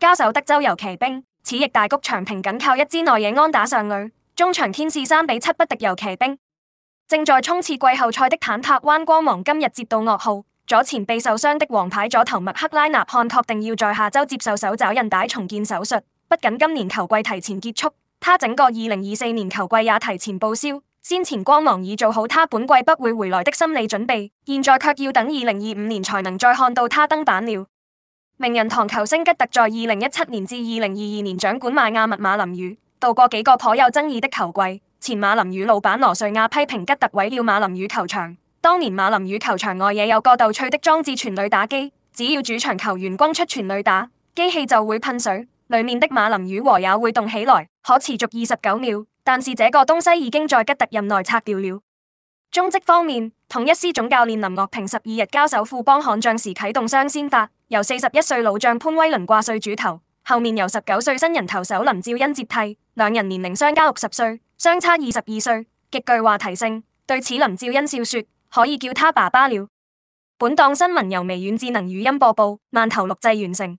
交手德州遊騎兵，此役大谷翔平僅靠一支內野安打上壘，終場天使三比七不敵遊騎兵。正在衝刺季後賽的坦帕灣光芒今日接到噩耗，左前臂受傷的王牌左投麥克拉納漢確定要在下周接受手肘韌帶重建手術，不僅今年球季提前結束，他整個2024年球季也提前報銷。先前光芒已做好他本季不會回來的心理準備，現在卻要等2025年才能再看到他登板了。名人堂球星吉特在二零一七年至二零二二年掌管邁阿密馬林魚，度過幾個頗有爭議的球季。前馬林魚老闆羅瑞亞批評吉特毀了馬林魚球場。當年馬林魚球場外也有個逗趣的裝置，全壘打機，只要主場球員轟出全壘打，機器就會噴水，裏面的馬林魚和也會動起來，可持續二十九秒。但是這個東西已經在吉特任內拆掉了。中職方面，統一獅總教練林岳平十二日交手富邦悍將,將時啟動雙先發，由四十一歲老將潘威倫掛帥主投後面由十九歲新人投手林兆恩接替，兩人年齡相加六十歲，相差二十二歲，極具話題性。對此林兆恩笑說：可以叫他爸爸了。本檔新聞由微軟智能語音播報，慢頭錄製完成。